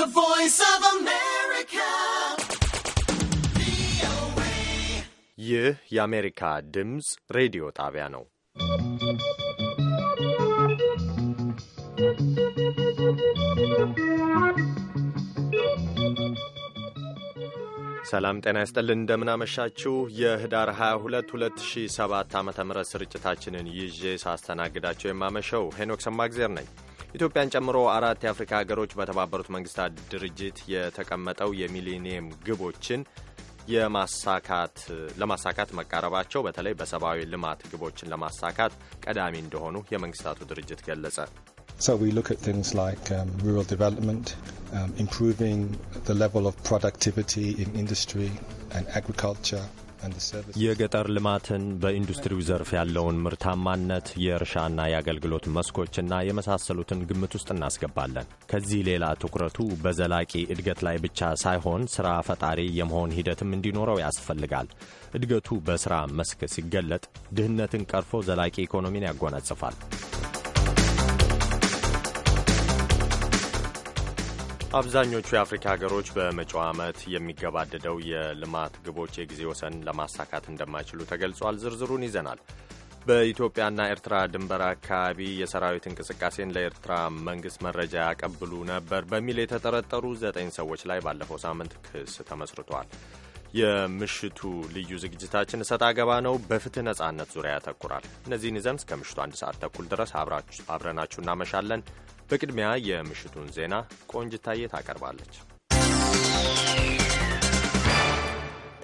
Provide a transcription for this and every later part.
The Voice of America. ይህ የአሜሪካ ድምፅ ሬዲዮ ጣቢያ ነው። ሰላም ጤና ይስጥልን። እንደምናመሻችሁ የህዳር 22 2007 ዓ ም ስርጭታችንን ይዤ ሳስተናግዳቸው የማመሸው ሄኖክ ሰማግዜር ነኝ። ኢትዮጵያን ጨምሮ አራት የአፍሪካ ሀገሮች በተባበሩት መንግስታት ድርጅት የተቀመጠው የሚሊኒየም ግቦችን የማሳካት ለማሳካት መቃረባቸው በተለይ በሰብአዊ ልማት ግቦችን ለማሳካት ቀዳሚ እንደሆኑ የመንግስታቱ ድርጅት ገለጸ። So we look at things like um, rural development, um, improving the level of productivity in industry and agriculture. የገጠር ልማትን፣ በኢንዱስትሪው ዘርፍ ያለውን ምርታማነት፣ የእርሻና የአገልግሎት መስኮችና የመሳሰሉትን ግምት ውስጥ እናስገባለን። ከዚህ ሌላ ትኩረቱ በዘላቂ እድገት ላይ ብቻ ሳይሆን ስራ ፈጣሪ የመሆን ሂደትም እንዲኖረው ያስፈልጋል። እድገቱ በስራ መስክ ሲገለጥ ድህነትን ቀርፎ ዘላቂ ኢኮኖሚን ያጎናጽፋል። አብዛኞቹ የአፍሪካ ሀገሮች በመጪው ዓመት የሚገባደደው የልማት ግቦች የጊዜ ወሰን ለማሳካት እንደማይችሉ ተገልጿል። ዝርዝሩን ይዘናል። በኢትዮጵያና ኤርትራ ድንበር አካባቢ የሰራዊት እንቅስቃሴን ለኤርትራ መንግስት መረጃ ያቀብሉ ነበር በሚል የተጠረጠሩ ዘጠኝ ሰዎች ላይ ባለፈው ሳምንት ክስ ተመስርቷል። የምሽቱ ልዩ ዝግጅታችን እሰጥ አገባ ነው፣ በፍትህ ነጻነት ዙሪያ ያተኩራል። እነዚህን ይዘን እስከ ምሽቱ አንድ ሰዓት ተኩል ድረስ አብረናችሁ እናመሻለን። በቅድሚያ የምሽቱን ዜና ቆንጅታዬ ታቀርባለች።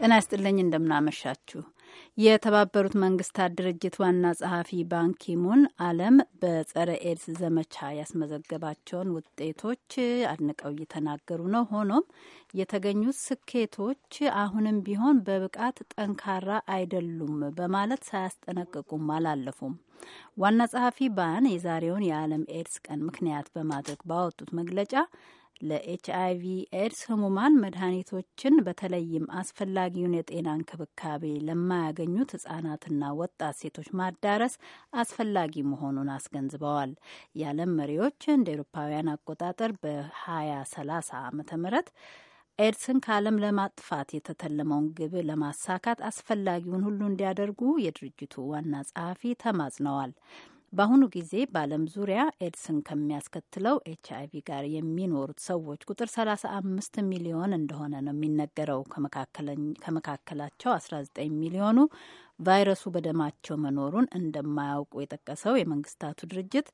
ጤና ይስጥልኝ እንደምናመሻችሁ። የተባበሩት መንግስታት ድርጅት ዋና ጸሐፊ ባንኪሙን ዓለም በጸረ ኤድስ ዘመቻ ያስመዘገባቸውን ውጤቶች አድንቀው እየተናገሩ ነው። ሆኖም የተገኙት ስኬቶች አሁንም ቢሆን በብቃት ጠንካራ አይደሉም በማለት ሳያስጠነቅቁም አላለፉም። ዋና ጸሐፊ ባን የዛሬውን የዓለም ኤድስ ቀን ምክንያት በማድረግ ባወጡት መግለጫ ለኤች አይቪ ኤድስ ህሙማን መድኃኒቶችን በተለይም አስፈላጊውን የጤና እንክብካቤ ለማያገኙት ህጻናትና ወጣት ሴቶች ማዳረስ አስፈላጊ መሆኑን አስገንዝበዋል። የዓለም መሪዎች እንደ ኤሮፓውያን አቆጣጠር በ2030 ዓ ምህረት ኤድስን ከዓለም ለማጥፋት የተተለመውን ግብ ለማሳካት አስፈላጊውን ሁሉ እንዲያደርጉ የድርጅቱ ዋና ጸሐፊ ተማጽነዋል። በአሁኑ ጊዜ በዓለም ዙሪያ ኤድስን ከሚያስከትለው ኤች አይቪ ጋር የሚኖሩት ሰዎች ቁጥር 35 ሚሊዮን እንደሆነ ነው የሚነገረው። ከመካከላቸው 19 ሚሊዮኑ ቫይረሱ በደማቸው መኖሩን እንደማያውቁ የጠቀሰው የመንግስታቱ ድርጅት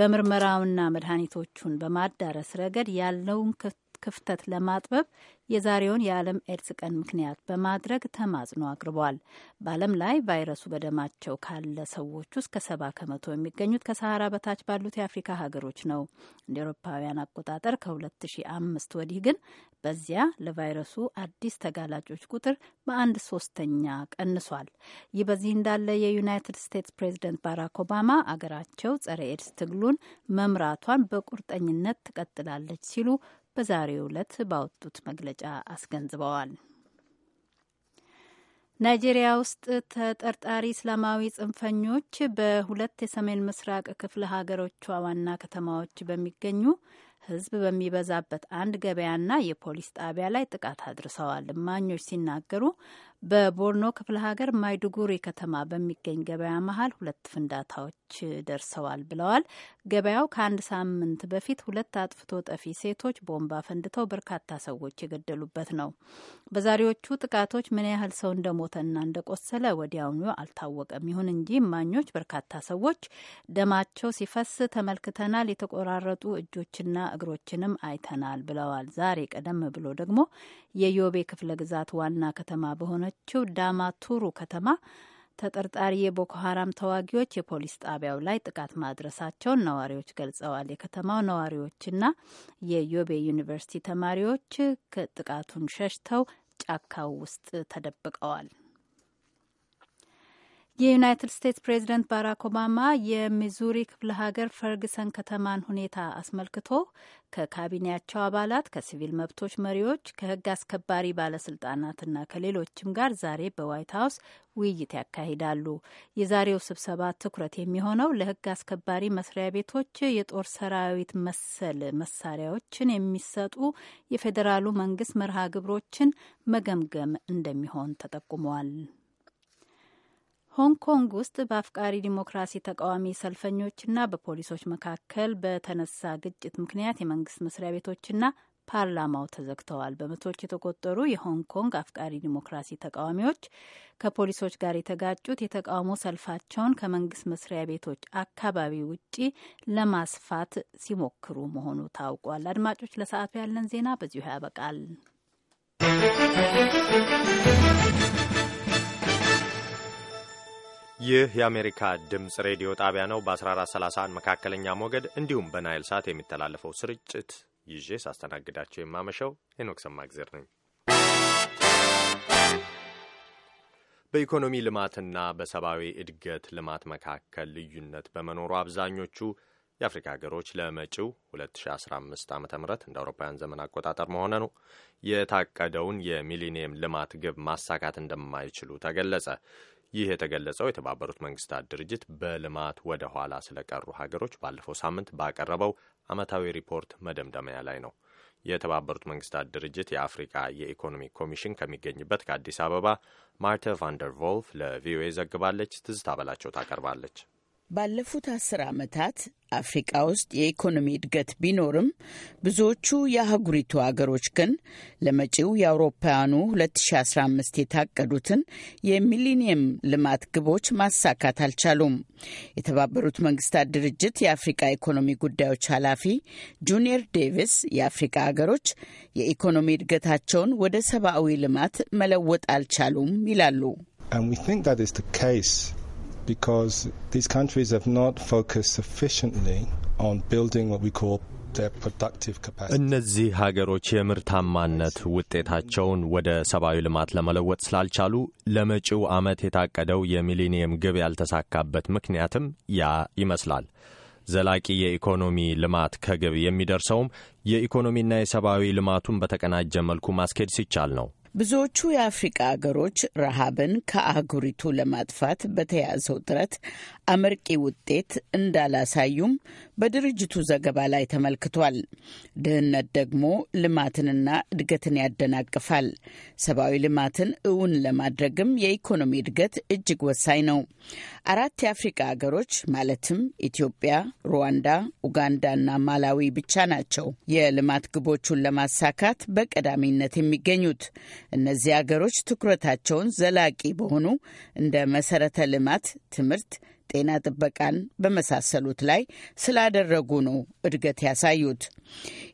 በምርመራውና መድኃኒቶቹን በማዳረስ ረገድ ያለውን ክፍት ክፍተት ለማጥበብ የዛሬውን የዓለም ኤድስ ቀን ምክንያት በማድረግ ተማጽኖ አቅርቧል። በዓለም ላይ ቫይረሱ በደማቸው ካለ ሰዎች ውስጥ ከሰባ ከመቶ የሚገኙት ከሰሃራ በታች ባሉት የአፍሪካ ሀገሮች ነው። እንደ ኤሮፓውያን አቆጣጠር ከ2005 ወዲህ ግን በዚያ ለቫይረሱ አዲስ ተጋላጮች ቁጥር በአንድ ሶስተኛ ቀንሷል። ይህ በዚህ እንዳለ የዩናይትድ ስቴትስ ፕሬዚደንት ባራክ ኦባማ አገራቸው ጸረ ኤድስ ትግሉን መምራቷን በቁርጠኝነት ትቀጥላለች ሲሉ በዛሬው ዕለት ባወጡት መግለጫ አስገንዝበዋል። ናይጄሪያ ውስጥ ተጠርጣሪ እስላማዊ ጽንፈኞች በሁለት የሰሜን ምስራቅ ክፍለ ሀገሮቿ ዋና ከተማዎች በሚገኙ ሕዝብ በሚበዛበት አንድ ገበያና የፖሊስ ጣቢያ ላይ ጥቃት አድርሰዋል። እማኞች ሲናገሩ በቦርኖ ክፍለ ሀገር ማይዱጉሪ ከተማ በሚገኝ ገበያ መሀል ሁለት ፍንዳታዎች ደርሰዋል ብለዋል። ገበያው ከአንድ ሳምንት በፊት ሁለት አጥፍቶ ጠፊ ሴቶች ቦምባ ፈንድተው በርካታ ሰዎች የገደሉበት ነው። በዛሬዎቹ ጥቃቶች ምን ያህል ሰው እንደሞተና እንደቆሰለ ወዲያውኑ አልታወቀም። ይሁን እንጂ እማኞች በርካታ ሰዎች ደማቸው ሲፈስ ተመልክተናል፣ የተቆራረጡ እጆችና እግሮችንም አይተናል ብለዋል። ዛሬ ቀደም ብሎ ደግሞ የዮቤ ክፍለ ግዛት ዋና ከተማ በሆነችው ዳማቱሩ ከተማ ተጠርጣሪ የቦኮ ሀራም ተዋጊዎች የፖሊስ ጣቢያው ላይ ጥቃት ማድረሳቸውን ነዋሪዎች ገልጸዋል። የከተማው ነዋሪዎችና የዮቤ ዩኒቨርሲቲ ተማሪዎች ጥቃቱን ሸሽተው ጫካው ውስጥ ተደብቀዋል። የዩናይትድ ስቴትስ ፕሬዚደንት ባራክ ኦባማ የሚዙሪ ክፍለ ሀገር ፈርግሰን ከተማን ሁኔታ አስመልክቶ ከካቢኔያቸው አባላት፣ ከሲቪል መብቶች መሪዎች፣ ከህግ አስከባሪ ባለስልጣናትና ከሌሎችም ጋር ዛሬ በዋይት ሀውስ ውይይት ያካሂዳሉ። የዛሬው ስብሰባ ትኩረት የሚሆነው ለህግ አስከባሪ መስሪያ ቤቶች የጦር ሰራዊት መሰል መሳሪያዎችን የሚሰጡ የፌዴራሉ መንግስት መርሃ ግብሮችን መገምገም እንደሚሆን ተጠቁመዋል። ሆንግ ኮንግ ውስጥ በአፍቃሪ ዲሞክራሲ ተቃዋሚ ሰልፈኞችና በፖሊሶች መካከል በተነሳ ግጭት ምክንያት የመንግስት መስሪያ ቤቶችና ፓርላማው ተዘግተዋል። በመቶዎች የተቆጠሩ የሆንግ ኮንግ አፍቃሪ ዲሞክራሲ ተቃዋሚዎች ከፖሊሶች ጋር የተጋጩት የተቃውሞ ሰልፋቸውን ከመንግስት መስሪያ ቤቶች አካባቢ ውጪ ለማስፋት ሲሞክሩ መሆኑ ታውቋል። አድማጮች፣ ለሰዓቱ ያለን ዜና በዚሁ ያበቃል። ይህ የአሜሪካ ድምፅ ሬዲዮ ጣቢያ ነው። በ1431 መካከለኛ ሞገድ እንዲሁም በናይል ሳት የሚተላለፈው ስርጭት ይዤ ሳስተናግዳቸው የማመሸው ሄኖክ ሰማግዜር ነኝ። በኢኮኖሚ ልማትና በሰብአዊ እድገት ልማት መካከል ልዩነት በመኖሩ አብዛኞቹ የአፍሪካ ሀገሮች ለመጪው 2015 ዓ ም እንደ አውሮፓውያን ዘመን አቆጣጠር መሆነ ነው የታቀደውን የሚሊኒየም ልማት ግብ ማሳካት እንደማይችሉ ተገለጸ። ይህ የተገለጸው የተባበሩት መንግስታት ድርጅት በልማት ወደ ኋላ ስለቀሩ ሀገሮች ባለፈው ሳምንት ባቀረበው ዓመታዊ ሪፖርት መደምደሚያ ላይ ነው። የተባበሩት መንግስታት ድርጅት የአፍሪካ የኢኮኖሚ ኮሚሽን ከሚገኝበት ከአዲስ አበባ ማርተ ቫንደር ቮልፍ ለቪኦኤ ዘግባለች። ትዝታ በላቸው ታቀርባለች። ባለፉት አስር ዓመታት አፍሪቃ ውስጥ የኢኮኖሚ እድገት ቢኖርም ብዙዎቹ የአህጉሪቱ አገሮች ግን ለመጪው የአውሮፓውያኑ 2015 የታቀዱትን የሚሊኒየም ልማት ግቦች ማሳካት አልቻሉም። የተባበሩት መንግስታት ድርጅት የአፍሪቃ ኢኮኖሚ ጉዳዮች ኃላፊ ጁኒየር ዴቪስ የአፍሪቃ አገሮች የኢኮኖሚ እድገታቸውን ወደ ሰብአዊ ልማት መለወጥ አልቻሉም ይላሉ። because these countries have not focused sufficiently on building what we call እነዚህ ሀገሮች የምርታማነት ውጤታቸውን ወደ ሰብአዊ ልማት ለመለወጥ ስላልቻሉ ለመጪው ዓመት የታቀደው የሚሊኒየም ግብ ያልተሳካበት ምክንያትም ያ ይመስላል። ዘላቂ የኢኮኖሚ ልማት ከግብ የሚደርሰውም የኢኮኖሚና የሰብአዊ ልማቱን በተቀናጀ መልኩ ማስኬድ ሲቻል ነው። ብዙዎቹ የአፍሪቃ አገሮች ረሃብን ከአህጉሪቱ ለማጥፋት በተያዘው ጥረት አመርቂ ውጤት እንዳላሳዩም በድርጅቱ ዘገባ ላይ ተመልክቷል። ድህነት ደግሞ ልማትንና እድገትን ያደናቅፋል። ሰብአዊ ልማትን እውን ለማድረግም የኢኮኖሚ እድገት እጅግ ወሳኝ ነው። አራት የአፍሪቃ ሀገሮች ማለትም ኢትዮጵያ፣ ሩዋንዳ፣ ኡጋንዳና ማላዊ ብቻ ናቸው የልማት ግቦቹን ለማሳካት በቀዳሚነት የሚገኙት። እነዚህ ሀገሮች ትኩረታቸውን ዘላቂ በሆኑ እንደ መሰረተ ልማት፣ ትምህርት ጤና ጥበቃን በመሳሰሉት ላይ ስላደረጉ ነው እድገት ያሳዩት።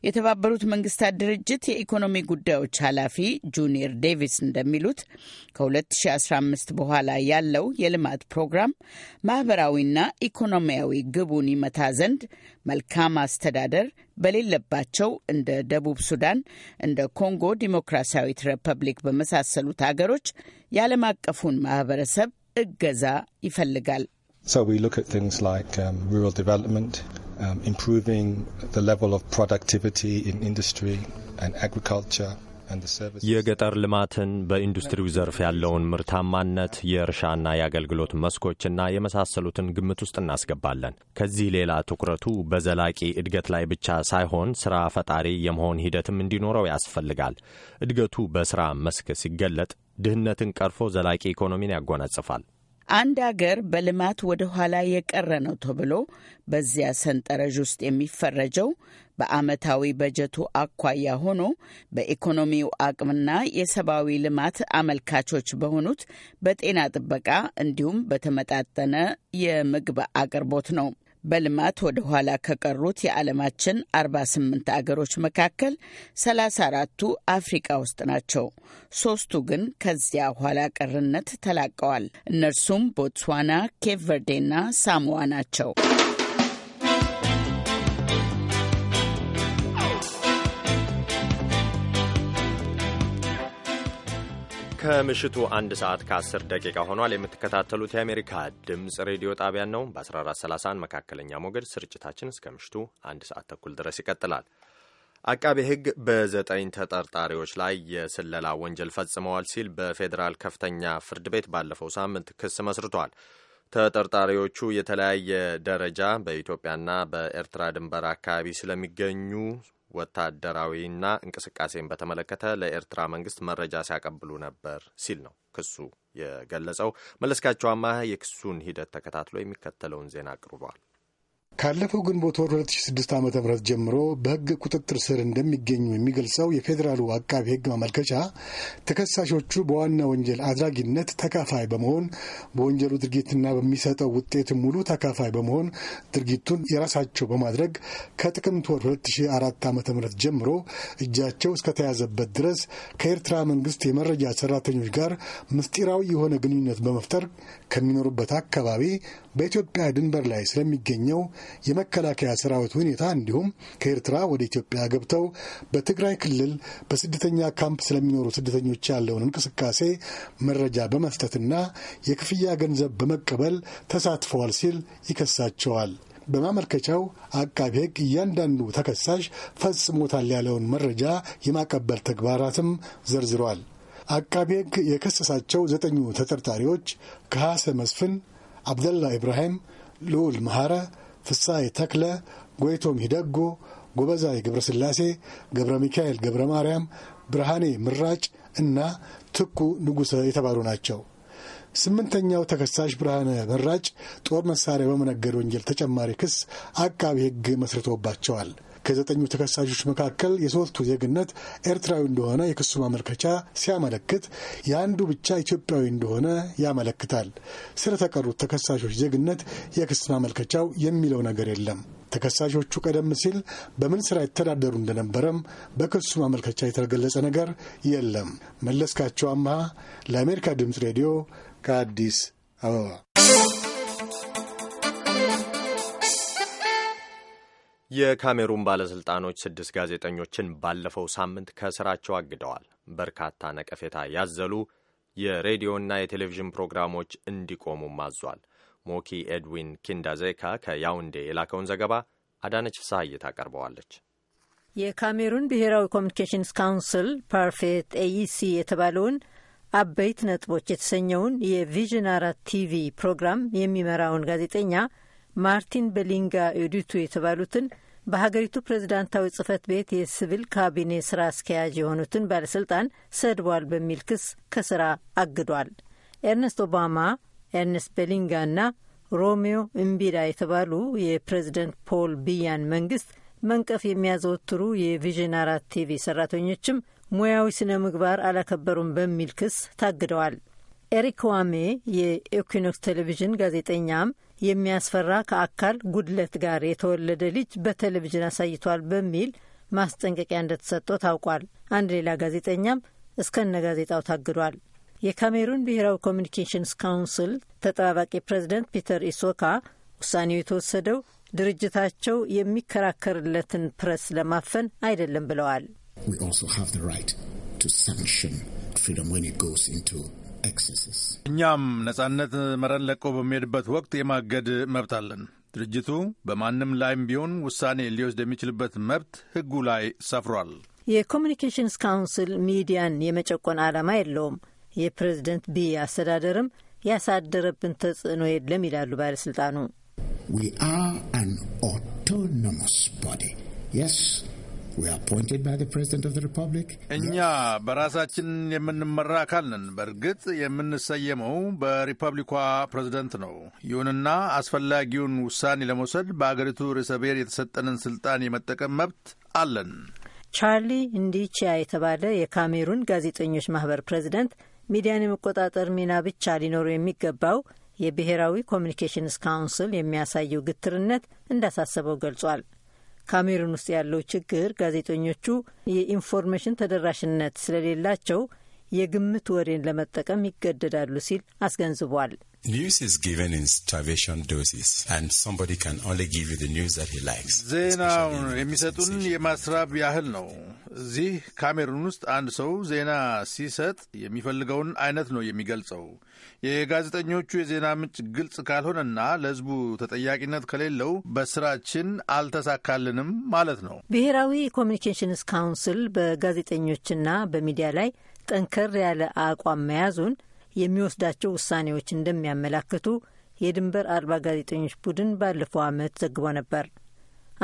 የተባበሩት መንግስታት ድርጅት የኢኮኖሚ ጉዳዮች ኃላፊ ጁኒየር ዴቪስ እንደሚሉት ከ2015 በኋላ ያለው የልማት ፕሮግራም ማህበራዊና ኢኮኖሚያዊ ግቡን ይመታ ዘንድ መልካም አስተዳደር በሌለባቸው እንደ ደቡብ ሱዳን፣ እንደ ኮንጎ ዲሞክራሲያዊት ሪፐብሊክ በመሳሰሉት አገሮች የዓለም አቀፉን ማህበረሰብ እገዛ ይፈልጋል። So we look at things like um, rural development, um, improving the level of productivity in industry and agriculture. የገጠር ልማትን በኢንዱስትሪው ዘርፍ ያለውን ምርታማነት የእርሻና የአገልግሎት መስኮችና የመሳሰሉትን ግምት ውስጥ እናስገባለን። ከዚህ ሌላ ትኩረቱ በዘላቂ እድገት ላይ ብቻ ሳይሆን ስራ ፈጣሪ የመሆን ሂደትም እንዲኖረው ያስፈልጋል። እድገቱ በስራ መስክ ሲገለጥ ድህነትን ቀርፎ ዘላቂ ኢኮኖሚን ያጎናጽፋል። አንድ አገር በልማት ወደ ኋላ የቀረ ነው ተብሎ በዚያ ሰንጠረዥ ውስጥ የሚፈረጀው በአመታዊ በጀቱ አኳያ ሆኖ በኢኮኖሚው አቅምና የሰብአዊ ልማት አመልካቾች በሆኑት በጤና ጥበቃ እንዲሁም በተመጣጠነ የምግብ አቅርቦት ነው። በልማት ወደ ኋላ ከቀሩት የዓለማችን 48 አገሮች መካከል 34ቱ አፍሪቃ ውስጥ ናቸው። ሶስቱ ግን ከዚያ ኋላ ቀርነት ተላቀዋል። እነርሱም ቦትስዋና፣ ኬፕ ቨርዴና ሳሞዋ ናቸው። ከምሽቱ አንድ ሰዓት ከ10 ደቂቃ ሆኗል። የምትከታተሉት የአሜሪካ ድምፅ ሬዲዮ ጣቢያን ነው። በ1431 መካከለኛ ሞገድ ስርጭታችን እስከ ምሽቱ አንድ ሰዓት ተኩል ድረስ ይቀጥላል። አቃቤ ሕግ በዘጠኝ ተጠርጣሪዎች ላይ የስለላ ወንጀል ፈጽመዋል ሲል በፌዴራል ከፍተኛ ፍርድ ቤት ባለፈው ሳምንት ክስ መስርቷል። ተጠርጣሪዎቹ የተለያየ ደረጃ በኢትዮጵያና በኤርትራ ድንበር አካባቢ ስለሚገኙ ወታደራዊና እንቅስቃሴን በተመለከተ ለኤርትራ መንግስት መረጃ ሲያቀብሉ ነበር ሲል ነው ክሱ የገለጸው። መለስካቸው አማህ የክሱን ሂደት ተከታትሎ የሚከተለውን ዜና አቅርቧል። ካለፈው ግንቦት ወር 2006 ዓ ም ጀምሮ በሕግ ቁጥጥር ስር እንደሚገኙ የሚገልጸው የፌዴራሉ አቃቢ ሕግ ማመልከቻ ተከሳሾቹ በዋና ወንጀል አድራጊነት ተካፋይ በመሆን በወንጀሉ ድርጊትና በሚሰጠው ውጤት ሙሉ ተካፋይ በመሆን ድርጊቱን የራሳቸው በማድረግ ከጥቅምት ወር 2004 ዓ ም ጀምሮ እጃቸው እስከተያዘበት ድረስ ከኤርትራ መንግስት የመረጃ ሰራተኞች ጋር ምስጢራዊ የሆነ ግንኙነት በመፍጠር ከሚኖሩበት አካባቢ በኢትዮጵያ ድንበር ላይ ስለሚገኘው የመከላከያ ሰራዊት ሁኔታ እንዲሁም ከኤርትራ ወደ ኢትዮጵያ ገብተው በትግራይ ክልል በስደተኛ ካምፕ ስለሚኖሩ ስደተኞች ያለውን እንቅስቃሴ መረጃ በመስጠትና የክፍያ ገንዘብ በመቀበል ተሳትፈዋል ሲል ይከሳቸዋል። በማመልከቻው አቃቢ ሕግ እያንዳንዱ ተከሳሽ ፈጽሞታል ያለውን መረጃ የማቀበል ተግባራትም ዘርዝሯል። አቃቢ ሕግ የከሰሳቸው ዘጠኙ ተጠርጣሪዎች ከሐሰ መስፍን አብደላ ኢብራሂም፣ ልዑል መሐረ፣ ፍሳይ ተክለ፣ ጎይቶም ሂደጎ፣ ጎበዛይ ገብረ ስላሴ፣ ገብረ ሚካኤል ገብረ ማርያም፣ ብርሃኔ ምራጭ እና ትኩ ንጉሠ የተባሉ ናቸው። ስምንተኛው ተከሳሽ ብርሃነ ምራጭ ጦር መሳሪያ በመነገድ ወንጀል ተጨማሪ ክስ አቃቢ ሕግ መስርቶባቸዋል። ከዘጠኙ ተከሳሾች መካከል የሶስቱ ዜግነት ኤርትራዊ እንደሆነ የክሱ ማመልከቻ ሲያመለክት የአንዱ ብቻ ኢትዮጵያዊ እንደሆነ ያመለክታል። ስለተቀሩት ተከሳሾች ዜግነት የክስ ማመልከቻው የሚለው ነገር የለም። ተከሳሾቹ ቀደም ሲል በምን ስራ ይተዳደሩ እንደነበረም በክሱ ማመልከቻ የተገለጸ ነገር የለም። መለስካቸው አምሃ ለአሜሪካ ድምፅ ሬዲዮ ከአዲስ አበባ የካሜሩን ባለሥልጣኖች ስድስት ጋዜጠኞችን ባለፈው ሳምንት ከሥራቸው አግደዋል። በርካታ ነቀፌታ ያዘሉ የሬዲዮና የቴሌቪዥን ፕሮግራሞች እንዲቆሙም አዟል። ሞኪ ኤድዊን ኪንዳዜካ ከያውንዴ የላከውን ዘገባ አዳነች ፍስሐዬ ታቀርበዋለች። የካሜሩን ብሔራዊ ኮሚኒኬሽንስ ካውንስል ፓርፌት ኤኢሲ የተባለውን አበይት ነጥቦች የተሰኘውን የቪዥን አራት ቲቪ ፕሮግራም የሚመራውን ጋዜጠኛ ማርቲን በሊንጋ ኤዱቱ የተባሉትን በሀገሪቱ ፕሬዝዳንታዊ ጽህፈት ቤት የሲቪል ካቢኔ ስራ አስኪያጅ የሆኑትን ባለስልጣን ሰድቧል በሚል ክስ ከስራ አግዷል። ኤርነስት ኦባማ፣ ኤርነስት በሊንጋ እና ሮሜዮ እምቢዳ የተባሉ የፕሬዝደንት ፖል ቢያን መንግስት መንቀፍ የሚያዘወትሩ የቪዥን አራት ቲቪ ሰራተኞችም ሙያዊ ስነ ምግባር አላከበሩም በሚል ክስ ታግደዋል። ኤሪክ ዋሜ የኢኩኖክስ ቴሌቪዥን ጋዜጠኛም የሚያስፈራ ከአካል ጉድለት ጋር የተወለደ ልጅ በቴሌቪዥን አሳይቷል በሚል ማስጠንቀቂያ እንደተሰጠው ታውቋል። አንድ ሌላ ጋዜጠኛም እስከነ ጋዜጣው ታግዷል። የካሜሩን ብሔራዊ ኮሚኒኬሽንስ ካውንስል ተጠባባቂ ፕሬዚደንት ፒተር ኢሶካ ውሳኔው የተወሰደው ድርጅታቸው የሚከራከርለትን ፕረስ ለማፈን አይደለም ብለዋል። እኛም ነጻነት መረን ለቆ በሚሄድበት ወቅት የማገድ መብት አለን። ድርጅቱ በማንም ላይም ቢሆን ውሳኔ ሊወስድ የሚችልበት መብት ሕጉ ላይ ሰፍሯል። የኮሚኒኬሽንስ ካውንስል ሚዲያን የመጨቆን ዓላማ የለውም። የፕሬዝደንት ቢ አስተዳደርም ያሳደረብን ተጽዕኖ የለም ይላሉ ባለሥልጣኑ። ቦዲ የስ እኛ በራሳችን የምንመራ አካል ነን። በእርግጥ የምንሰየመው በሪፐብሊኳ ፕሬዝደንት ነው። ይሁንና አስፈላጊውን ውሳኔ ለመውሰድ በአገሪቱ ርዕሰ ብሔር የተሰጠንን ስልጣን የመጠቀም መብት አለን። ቻርሊ እንዲቺያ የተባለ የካሜሩን ጋዜጠኞች ማህበር ፕሬዝደንት ሚዲያን የመቆጣጠር ሚና ብቻ ሊኖሩ የሚገባው የብሔራዊ ኮሚኒኬሽንስ ካውንስል የሚያሳየው ግትርነት እንዳሳሰበው ገልጿል። ካሜሩን ውስጥ ያለው ችግር ጋዜጠኞቹ የኢንፎርሜሽን ተደራሽነት ስለሌላቸው የግምት ወሬን ለመጠቀም ይገደዳሉ ሲል አስገንዝቧል። ዜናውን የሚሰጡን የማስራብ ያህል ነው። እዚህ ካሜሩን ውስጥ አንድ ሰው ዜና ሲሰጥ የሚፈልገውን አይነት ነው የሚገልጸው። የጋዜጠኞቹ የዜና ምንጭ ግልጽ ካልሆነና ለሕዝቡ ተጠያቂነት ከሌለው በስራችን አልተሳካልንም ማለት ነው። ብሔራዊ ኮሚኒኬሽንስ ካውንስል በጋዜጠኞችና በሚዲያ ላይ ጠንከር ያለ አቋም መያዙን የሚወስዳቸው ውሳኔዎች እንደሚያመላክቱ የድንበር አልባ ጋዜጠኞች ቡድን ባለፈው ዓመት ዘግቦ ነበር።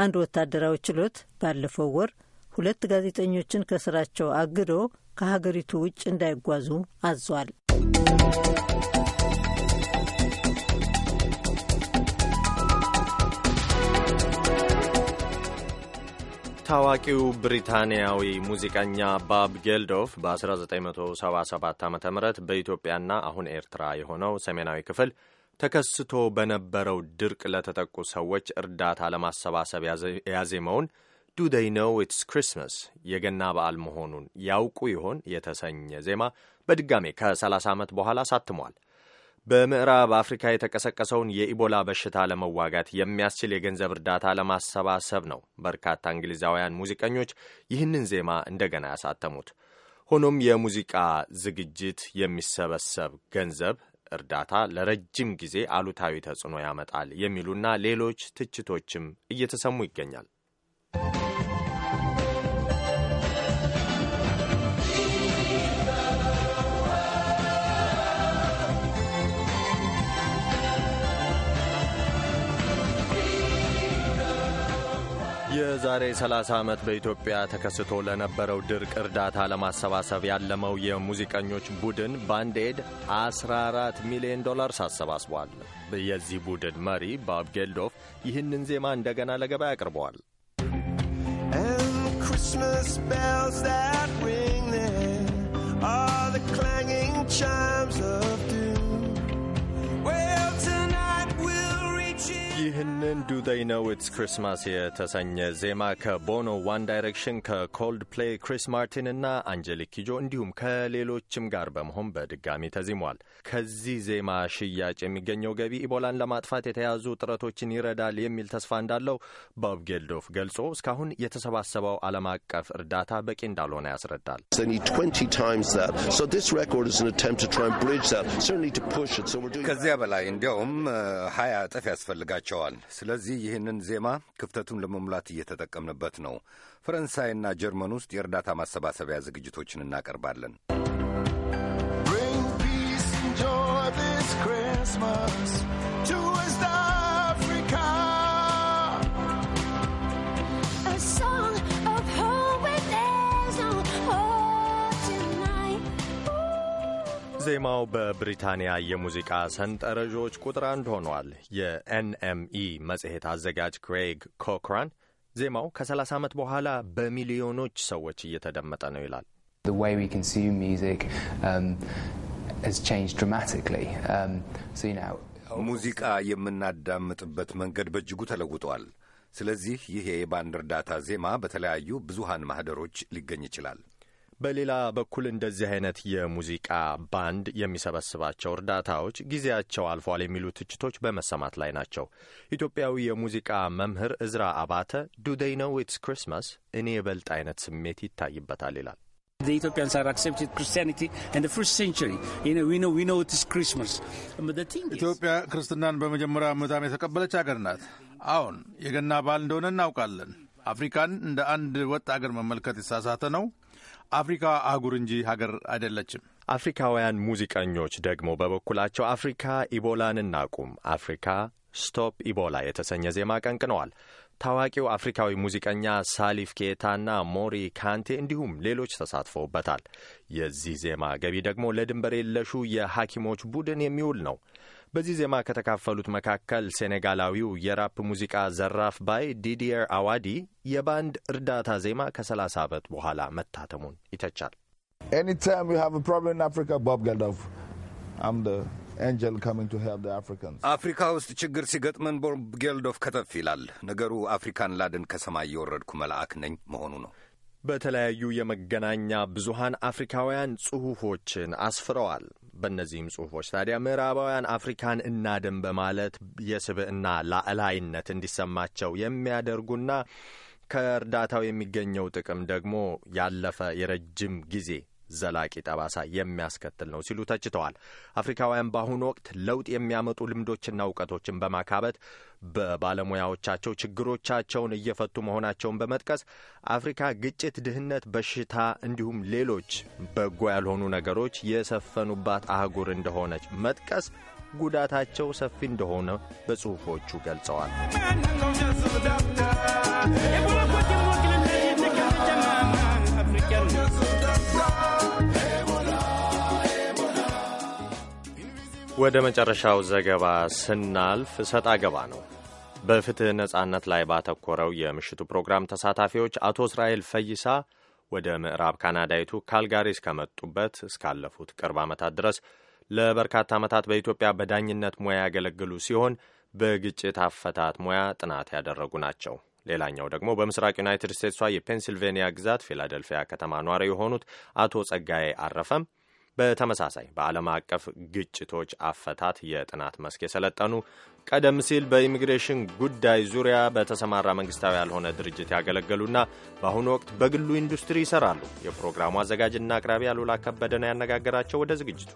አንድ ወታደራዊ ችሎት ባለፈው ወር ሁለት ጋዜጠኞችን ከስራቸው አግዶ ከሀገሪቱ ውጭ እንዳይጓዙ አዟል። ታዋቂው ብሪታንያዊ ሙዚቀኛ ባብ ጌልዶፍ በ1977 ዓ ም በኢትዮጵያና አሁን ኤርትራ የሆነው ሰሜናዊ ክፍል ተከስቶ በነበረው ድርቅ ለተጠቁ ሰዎች እርዳታ ለማሰባሰብ ያዜመውን ዱ ዴይ ኖው ኢትስ ክሪስመስ የገና በዓል መሆኑን ያውቁ ይሆን የተሰኘ ዜማ በድጋሜ ከ30 ዓመት በኋላ ሳትሟል። በምዕራብ አፍሪካ የተቀሰቀሰውን የኢቦላ በሽታ ለመዋጋት የሚያስችል የገንዘብ እርዳታ ለማሰባሰብ ነው በርካታ እንግሊዛውያን ሙዚቀኞች ይህንን ዜማ እንደገና ያሳተሙት። ሆኖም የሙዚቃ ዝግጅት የሚሰበሰብ ገንዘብ እርዳታ ለረጅም ጊዜ አሉታዊ ተጽዕኖ ያመጣል የሚሉና ሌሎች ትችቶችም እየተሰሙ ይገኛል። የዛሬ 30 ዓመት በኢትዮጵያ ተከስቶ ለነበረው ድርቅ እርዳታ ለማሰባሰብ ያለመው የሙዚቀኞች ቡድን ባንዴድ 14 ሚሊዮን ዶላር አሰባስቧል። የዚህ ቡድን መሪ ባብ ጌልዶፍ ይህንን ዜማ እንደገና ለገበያ አቅርበዋል። chimes ይህንን ዱ ዘይ ነው ኢትስ ክሪስማስ የተሰኘ ዜማ ከቦኖ ዋን ዳይሬክሽን ከኮልድ ፕሌይ ክሪስ ማርቲን እና አንጀሊክ ኪጆ እንዲሁም ከሌሎችም ጋር በመሆን በድጋሚ ተዚሟል። ከዚህ ዜማ ሽያጭ የሚገኘው ገቢ ኢቦላን ለማጥፋት የተያዙ ጥረቶችን ይረዳል የሚል ተስፋ እንዳለው ቦብ ጌልዶፍ ገልጾ እስካሁን የተሰባሰበው ዓለም አቀፍ እርዳታ በቂ እንዳልሆነ ያስረዳል። ከዚያ በላይ እንዲያውም uh, ሀያ እጥፍ ያስፈልጋቸው ይገባቸዋል። ስለዚህ ይህንን ዜማ ክፍተቱን ለመሙላት እየተጠቀምንበት ነው። ፈረንሳይና ጀርመን ውስጥ የእርዳታ ማሰባሰቢያ ዝግጅቶችን እናቀርባለን። Christmas to us ዜማው በብሪታንያ የሙዚቃ ሰንጠረዦች ቁጥር አንድ ሆኗል። የኤንኤምኢ መጽሔት አዘጋጅ ክሬግ ኮክራን ዜማው ከ30 ዓመት በኋላ በሚሊዮኖች ሰዎች እየተደመጠ ነው ይላል። um, um, ሙዚቃ የምናዳምጥበት መንገድ በእጅጉ ተለውጧል። ስለዚህ ይሄ የባንድ እርዳታ ዜማ በተለያዩ ብዙሃን ማህደሮች ሊገኝ ይችላል። በሌላ በኩል እንደዚህ አይነት የሙዚቃ ባንድ የሚሰበስባቸው እርዳታዎች ጊዜያቸው አልፏል የሚሉ ትችቶች በመሰማት ላይ ናቸው። ኢትዮጵያዊ የሙዚቃ መምህር እዝራ አባተ ዱ ዴይ ኖው ኢትስ ክሪስማስ እኔ የበልጥ አይነት ስሜት ይታይበታል ይላል። ኢትዮጵያ ክርስትናን በመጀመሪያ ምዕተ ዓመት የተቀበለች አገር ናት። አሁን የገና በዓል እንደሆነ እናውቃለን። አፍሪካን እንደ አንድ ወጥ አገር መመልከት የተሳሳተ ነው። አፍሪካ አህጉር እንጂ ሀገር አይደለችም። አፍሪካውያን ሙዚቀኞች ደግሞ በበኩላቸው አፍሪካ ኢቦላን እናቁም፣ አፍሪካ ስቶፕ ኢቦላ የተሰኘ ዜማ ቀንቅነዋል። ታዋቂው አፍሪካዊ ሙዚቀኛ ሳሊፍ ኬታና ሞሪ ካንቴ እንዲሁም ሌሎች ተሳትፈውበታል። የዚህ ዜማ ገቢ ደግሞ ለድንበር የለሹ የሐኪሞች ቡድን የሚውል ነው። በዚህ ዜማ ከተካፈሉት መካከል ሴኔጋላዊው የራፕ ሙዚቃ ዘራፍ ባይ ዲዲየር አዋዲ የባንድ እርዳታ ዜማ ከ30 ዓመት በኋላ መታተሙን ይተቻል። አፍሪካ ውስጥ ችግር ሲገጥመን ቦብ ጌልዶፍ ከተፍ ይላል። ነገሩ አፍሪካን ላድን ከሰማይ የወረድኩ መልአክ ነኝ መሆኑ ነው። በተለያዩ የመገናኛ ብዙሃን አፍሪካውያን ጽሑፎችን አስፍረዋል። በእነዚህም ጽሑፎች ታዲያ ምዕራባውያን አፍሪካን እናድን በማለት የስብዕና ላዕላይነት እንዲሰማቸው የሚያደርጉና ከእርዳታው የሚገኘው ጥቅም ደግሞ ያለፈ የረጅም ጊዜ ዘላቂ ጠባሳ የሚያስከትል ነው ሲሉ ተችተዋል። አፍሪካውያን በአሁኑ ወቅት ለውጥ የሚያመጡ ልምዶችና እውቀቶችን በማካበት በባለሙያዎቻቸው ችግሮቻቸውን እየፈቱ መሆናቸውን በመጥቀስ አፍሪካ ግጭት፣ ድህነት፣ በሽታ እንዲሁም ሌሎች በጎ ያልሆኑ ነገሮች የሰፈኑባት አህጉር እንደሆነች መጥቀስ ጉዳታቸው ሰፊ እንደሆነ በጽሑፎቹ ገልጸዋል። ወደ መጨረሻው ዘገባ ስናልፍ እሰጥ አገባ ነው። በፍትሕ ነጻነት ላይ ባተኮረው የምሽቱ ፕሮግራም ተሳታፊዎች አቶ እስራኤል ፈይሳ ወደ ምዕራብ ካናዳይቱ ካልጋሪ እስከመጡበት እስካለፉት ቅርብ ዓመታት ድረስ ለበርካታ ዓመታት በኢትዮጵያ በዳኝነት ሙያ ያገለግሉ ሲሆን በግጭት አፈታት ሙያ ጥናት ያደረጉ ናቸው። ሌላኛው ደግሞ በምስራቅ ዩናይትድ ስቴትሷ የፔንሲልቬንያ ግዛት ፊላደልፊያ ከተማ ኗሪ የሆኑት አቶ ጸጋዬ አረፈም በተመሳሳይ በዓለም አቀፍ ግጭቶች አፈታት የጥናት መስክ የሰለጠኑ ቀደም ሲል በኢሚግሬሽን ጉዳይ ዙሪያ በተሰማራ መንግስታዊ ያልሆነ ድርጅት ያገለገሉና በአሁኑ ወቅት በግሉ ኢንዱስትሪ ይሰራሉ። የፕሮግራሙ አዘጋጅና አቅራቢ አሉላ ከበደ ነው ያነጋገራቸው። ወደ ዝግጅቱ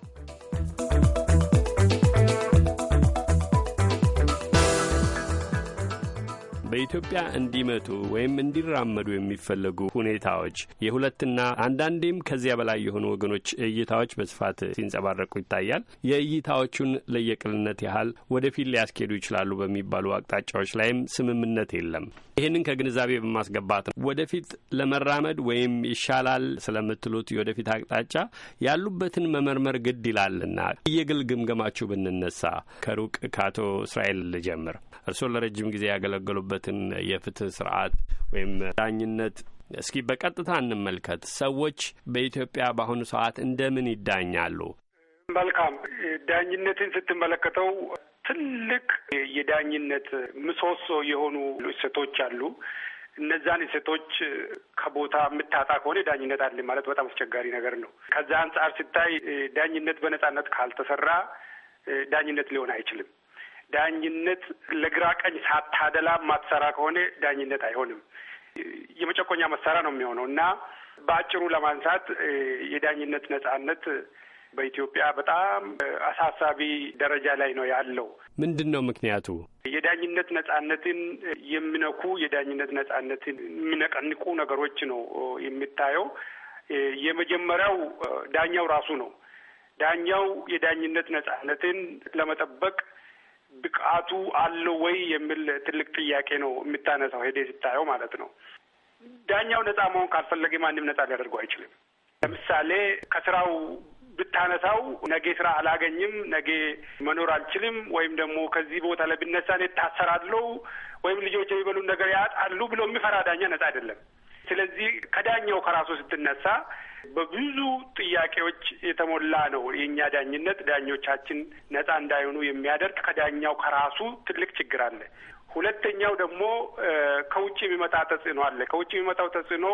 በኢትዮጵያ እንዲመቱ ወይም እንዲራመዱ የሚፈለጉ ሁኔታዎች የሁለትና አንዳንዴም ከዚያ በላይ የሆኑ ወገኖች እይታዎች በስፋት ሲንጸባረቁ ይታያል። የእይታዎቹን ለየቅልነት ያህል ወደፊት ሊያስኬዱ ይችላሉ በሚባሉ አቅጣጫዎች ላይም ስምምነት የለም። ይህንን ከግንዛቤ በማስገባት ነው ወደፊት ለመራመድ ወይም ይሻላል ስለምትሉት የወደፊት አቅጣጫ ያሉበትን መመርመር ግድ ይላልና የግል ግምገማችሁ ብንነሳ ከሩቅ ከአቶ እስራኤል ልጀምር። እርስዎን ለረጅም ጊዜ ያገለገሉበት ያለበትን የፍትህ ስርዓት ወይም ዳኝነት እስኪ በቀጥታ እንመልከት። ሰዎች በኢትዮጵያ በአሁኑ ሰዓት እንደምን ይዳኛሉ? መልካም ዳኝነትን ስትመለከተው ትልቅ የዳኝነት ምሰሶ የሆኑ እሴቶች አሉ። እነዛን እሴቶች ከቦታ የምታጣ ከሆነ ዳኝነት አለ ማለት በጣም አስቸጋሪ ነገር ነው። ከዛ አንጻር ሲታይ ዳኝነት በነጻነት ካልተሰራ ዳኝነት ሊሆን አይችልም። ዳኝነት ለግራ ቀኝ ሳታደላ ማትሰራ ከሆነ ዳኝነት አይሆንም። የመጨቆኛ መሳሪያ ነው የሚሆነው እና በአጭሩ ለማንሳት የዳኝነት ነጻነት በኢትዮጵያ በጣም አሳሳቢ ደረጃ ላይ ነው ያለው። ምንድን ነው ምክንያቱ? የዳኝነት ነጻነትን የሚነኩ የዳኝነት ነጻነትን የሚነቀንቁ ነገሮች ነው የሚታየው። የመጀመሪያው ዳኛው ራሱ ነው። ዳኛው የዳኝነት ነጻነትን ለመጠበቅ ብቃቱ አለው ወይ የሚል ትልቅ ጥያቄ ነው የምታነሳው። ሄደ ስታየው ማለት ነው። ዳኛው ነጻ መሆን ካልፈለገ ማንም ነጻ ሊያደርገው አይችልም። ለምሳሌ ከስራው ብታነሳው ነገ ስራ አላገኝም፣ ነገ መኖር አልችልም፣ ወይም ደግሞ ከዚህ ቦታ ላይ ብነሳ እኔ እታሰራለሁ፣ ወይም ልጆች የሚበሉ ነገር ያጣሉ ብሎ የሚፈራ ዳኛ ነጻ አይደለም። ስለዚህ ከዳኛው ከራሱ ስትነሳ በብዙ ጥያቄዎች የተሞላ ነው የእኛ ዳኝነት። ዳኞቻችን ነጻ እንዳይሆኑ የሚያደርግ ከዳኛው ከራሱ ትልቅ ችግር አለ። ሁለተኛው ደግሞ ከውጭ የሚመጣ ተጽዕኖ አለ። ከውጭ የሚመጣው ተጽዕኖ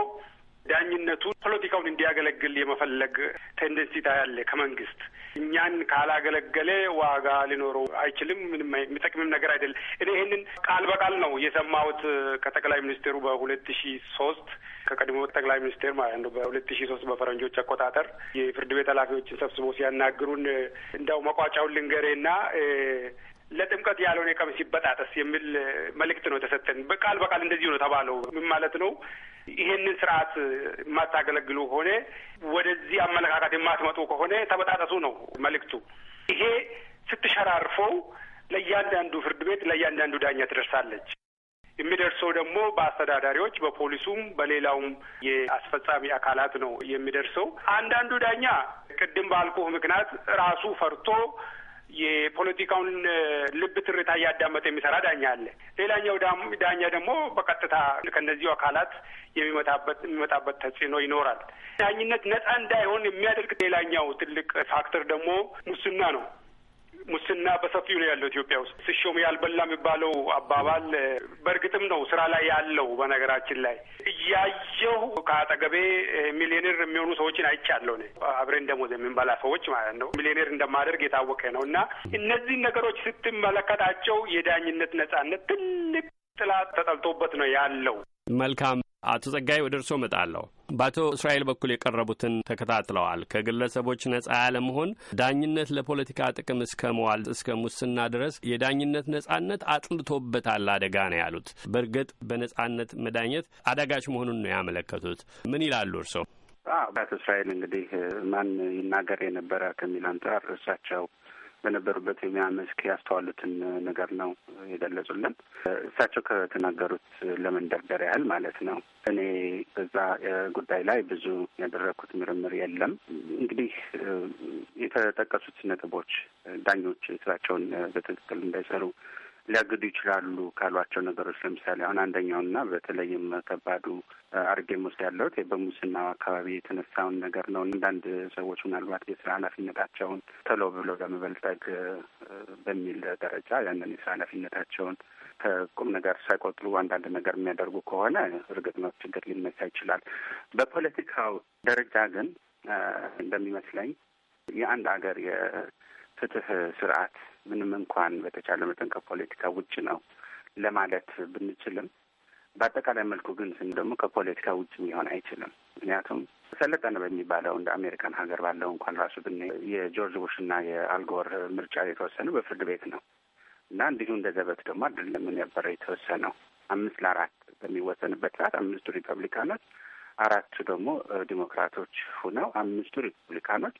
ዳኝነቱ ፖለቲካውን እንዲያገለግል የመፈለግ ቴንደንሲ ታያለ። ከመንግስት እኛን ካላገለገለ ዋጋ ሊኖረው አይችልም፣ ምንም የሚጠቅምም ነገር አይደለም። እኔ ይህንን ቃል በቃል ነው የሰማሁት ከጠቅላይ ሚኒስቴሩ በሁለት ሺ ሶስት ከቀድሞ ጠቅላይ ሚኒስቴር ማለት ነው በሁለት ሺ ሶስት በፈረንጆች አቆጣጠር የፍርድ ቤት ኃላፊዎችን ሰብስቦ ሲያናግሩን እንዳው መቋጫውን ልንገሬ ና ለጥምቀት ያልሆነ ቀሚስ ይበጣጠስ የሚል መልእክት ነው የተሰጠን። በቃል በቃል እንደዚሁ ነው የተባለው። ምን ማለት ነው? ይሄንን ስርዓት የማታገለግሉ ከሆነ ወደዚህ አመለካከት የማትመጡ ከሆነ ተበጣጠሱ ነው መልእክቱ። ይሄ ስትሸራርፈው ለእያንዳንዱ ፍርድ ቤት ለእያንዳንዱ ዳኛ ትደርሳለች። የሚደርሰው ደግሞ በአስተዳዳሪዎች፣ በፖሊሱም፣ በሌላውም የአስፈጻሚ አካላት ነው የሚደርሰው። አንዳንዱ ዳኛ ቅድም ባልኩህ ምክንያት ራሱ ፈርቶ የፖለቲካውን ልብ ትርታ እያዳመጠ የሚሰራ ዳኛ አለ። ሌላኛው ዳኛ ደግሞ በቀጥታ ከነዚሁ አካላት የሚመጣበት የሚመጣበት ተጽዕኖ ይኖራል። ዳኝነት ነጻ እንዳይሆን የሚያደርግ ሌላኛው ትልቅ ፋክተር ደግሞ ሙስና ነው። ሙስና በሰፊው ነው ያለው ኢትዮጵያ ውስጥ። ስሾም ያልበላ የሚባለው አባባል በእርግጥም ነው ስራ ላይ ያለው። በነገራችን ላይ እያየሁ ከአጠገቤ ሚሊዮኔር የሚሆኑ ሰዎችን አይቻለሁ። እኔ አብሬን ደሞዝ የምንበላ ሰዎች ማለት ነው። ሚሊዮኔር እንደማደርግ የታወቀ ነው። እና እነዚህን ነገሮች ስትመለከታቸው የዳኝነት ነጻነት ትልቅ ጥላት ተጠልቶበት ነው ያለው። መልካም አቶ ጸጋይ ወደ እርስዎ እመጣለሁ። በአቶ እስራኤል በኩል የቀረቡትን ተከታትለዋል። ከግለሰቦች ነጻ ያለመሆን ዳኝነት ለፖለቲካ ጥቅም እስከ መዋል እስከ ሙስና ድረስ የዳኝነት ነጻነት አጥልቶበታል አደጋ ነው ያሉት። በእርግጥ በነጻነት መዳኘት አዳጋች መሆኑን ነው ያመለከቱት። ምን ይላሉ እርስዎ? አቶ እስራኤል እንግዲህ ማን ይናገር የነበረ ከሚል አንጻር እሳቸው በነበሩበት የሙያ መስክ ያስተዋሉትን ነገር ነው የገለጹልን። እሳቸው ከተናገሩት ለመንደርደር ያህል ማለት ነው። እኔ በዛ ጉዳይ ላይ ብዙ ያደረግኩት ምርምር የለም። እንግዲህ የተጠቀሱት ነጥቦች ዳኞች ስራቸውን በትክክል እንዳይሰሩ ሊያግዱ ይችላሉ ካሏቸው ነገሮች ለምሳሌ አሁን አንደኛውና በተለይም ከባዱ አርጌ ውስጥ ያለሁት በሙስናው አካባቢ የተነሳውን ነገር ነው። አንዳንድ ሰዎች ምናልባት የስራ ኃላፊነታቸውን ቶሎ ብለው ለመበልጠግ በሚል ደረጃ ያንን የስራ ኃላፊነታቸውን ከቁም ነገር ሳይቆጥሉ አንዳንድ ነገር የሚያደርጉ ከሆነ እርግጥ ነው ችግር ሊነሳ ይችላል። በፖለቲካው ደረጃ ግን እንደሚመስለኝ የአንድ ሀገር የፍትህ ስርዓት ምንም እንኳን በተቻለ መጠን ከፖለቲካ ውጭ ነው ለማለት ብንችልም በአጠቃላይ መልኩ ግን ስን ደግሞ ከፖለቲካ ውጭ ሊሆን አይችልም። ምክንያቱም ሰለጠነ በሚባለው እንደ አሜሪካን ሀገር ባለው እንኳን ራሱ ብን የጆርጅ ቡሽና የአልጎር ምርጫ የተወሰነው በፍርድ ቤት ነው እና እንዲሁ እንደ ዘበት ደግሞ አይደለም የነበረ የተወሰነው አምስት ለአራት በሚወሰንበት ሰዓት አምስቱ ሪፐብሊካኖች አራቱ ደግሞ ዲሞክራቶች ሁነው አምስቱ ሪፐብሊካኖች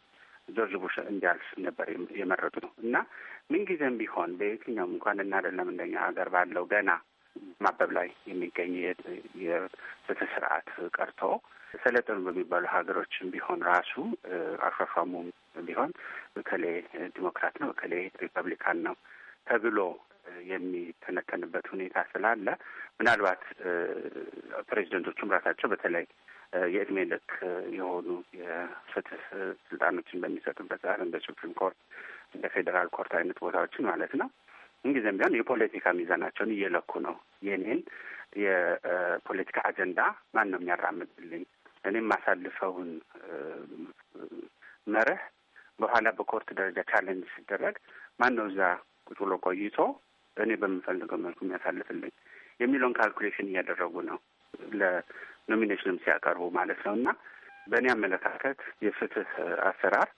ጆርጅ ቡሽ እንዲያልፍ ነበር የመረጡ ነው እና ምንጊዜም ቢሆን በየትኛውም እንኳን እናደለም እንደኛ ሀገር ባለው ገና ማበብ ላይ የሚገኝ የፍትህ ስርዓት ቀርቶ ሰለጠኑ በሚባሉ ሀገሮችም ቢሆን ራሱ አሿሿሙም ቢሆን እከሌ ዲሞክራት ነው፣ እከሌ ሪፐብሊካን ነው ተብሎ የሚተነተንበት ሁኔታ ስላለ ምናልባት ፕሬዚደንቶቹም ራሳቸው በተለይ የእድሜ ልክ የሆኑ የፍትህ ስልጣኖችን በሚሰጡበት ሰዓት እንደ ሱፕሪም ኮርት፣ እንደ ፌዴራል ኮርት አይነት ቦታዎችን ማለት ነው እንጊዜም ቢሆን የፖለቲካ ሚዛናቸውን እየለኩ ነው። የኔን የፖለቲካ አጀንዳ ማን ነው የሚያራምድልኝ? እኔም ማሳልፈውን መርህ በኋላ በኮርት ደረጃ ቻለንጅ ሲደረግ ማን ነው እዛ ቁጭ ብሎ ቆይቶ እኔ በምፈልገው መልኩ የሚያሳልፍልኝ የሚለውን ካልኩሌሽን እያደረጉ ነው ኖሚኔሽንም ሲያቀርቡ ማለት ነው እና በእኔ አመለካከት የፍትህ አሰራር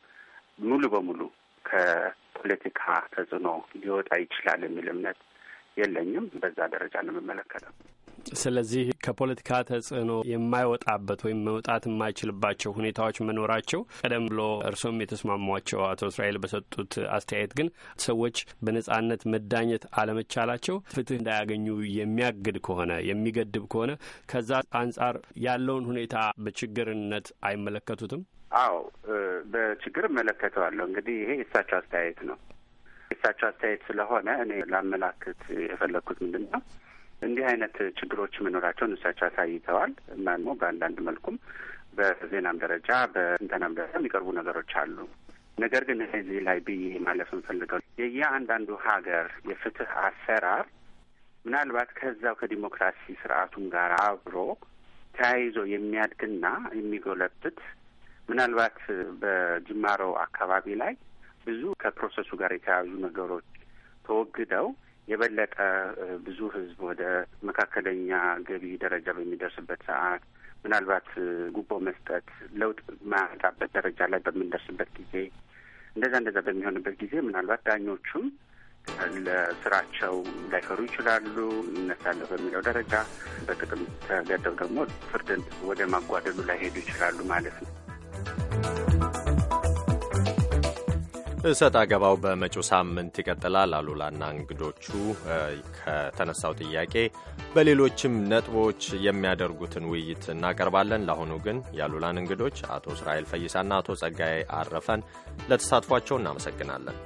ሙሉ በሙሉ ከፖለቲካ ተጽዕኖ ሊወጣ ይችላል የሚል እምነት የለኝም። በዛ ደረጃ ነው የምመለከተው። ስለዚህ ከፖለቲካ ተጽዕኖ የማይወጣበት ወይም መውጣት የማይችልባቸው ሁኔታዎች መኖራቸው ቀደም ብሎ እርሶም የተስማሟቸው አቶ እስራኤል በሰጡት አስተያየት ግን ሰዎች በነጻነት መዳኘት አለመቻላቸው ፍትህ እንዳያገኙ የሚያግድ ከሆነ የሚገድብ ከሆነ ከዛ አንጻር ያለውን ሁኔታ በችግርነት አይመለከቱትም? አዎ በችግር እመለከተዋለሁ። እንግዲህ ይሄ የእሳቸው አስተያየት ነው። የእሳቸው አስተያየት ስለሆነ እኔ ላመላክት የፈለግኩት ምንድን ነው እንዲህ አይነት ችግሮች መኖራቸውን እሳቸው አሳይተዋል እና ደግሞ በአንዳንድ መልኩም በዜናም ደረጃ በስንተናም ደረጃ የሚቀርቡ ነገሮች አሉ። ነገር ግን እዚህ ላይ ብዬ ማለፍ እንፈልገው የየአንዳንዱ ሀገር የፍትህ አሰራር ምናልባት ከዛው ከዲሞክራሲ ስርዓቱም ጋር አብሮ ተያይዞ የሚያድግና የሚጎለብት ምናልባት በጅማሮ አካባቢ ላይ ብዙ ከፕሮሰሱ ጋር የተያያዙ ነገሮች ተወግደው የበለጠ ብዙ ህዝብ ወደ መካከለኛ ገቢ ደረጃ በሚደርስበት ሰዓት ምናልባት ጉቦ መስጠት ለውጥ ማያመጣበት ደረጃ ላይ በምንደርስበት ጊዜ እንደዛ እንደዛ በሚሆንበት ጊዜ ምናልባት ዳኞቹም ለስራቸው ላይፈሩ ይችላሉ። እነሳለሁ በሚለው ደረጃ በጥቅም ተገደው ደግሞ ፍርድን ወደ ማጓደሉ ላይሄዱ ይችላሉ ማለት ነው። እሰጥ አገባው በመጪው ሳምንት ይቀጥላል። አሉላና እንግዶቹ ከተነሳው ጥያቄ በሌሎችም ነጥቦች የሚያደርጉትን ውይይት እናቀርባለን። ለአሁኑ ግን የአሉላን እንግዶች አቶ እስራኤል ፈይሳና አቶ ጸጋዬ አረፈን ለተሳትፏቸው እናመሰግናለን።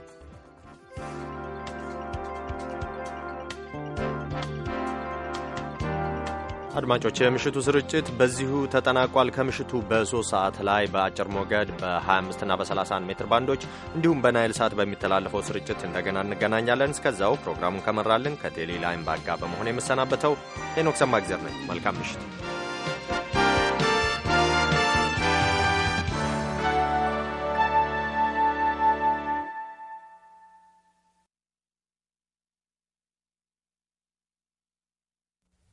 አድማጮች የምሽቱ ስርጭት በዚሁ ተጠናቋል። ከምሽቱ በሶስት ሰዓት ላይ በአጭር ሞገድ በ25 እና በ31 ሜትር ባንዶች እንዲሁም በናይል ሳት በሚተላለፈው ስርጭት እንደገና እንገናኛለን። እስከዛው ፕሮግራሙን ከመራልን ከቴሌ ላይን ባጋ በመሆን የምሰናበተው ሄኖክ ሰማግዘር ነኝ። መልካም ምሽት።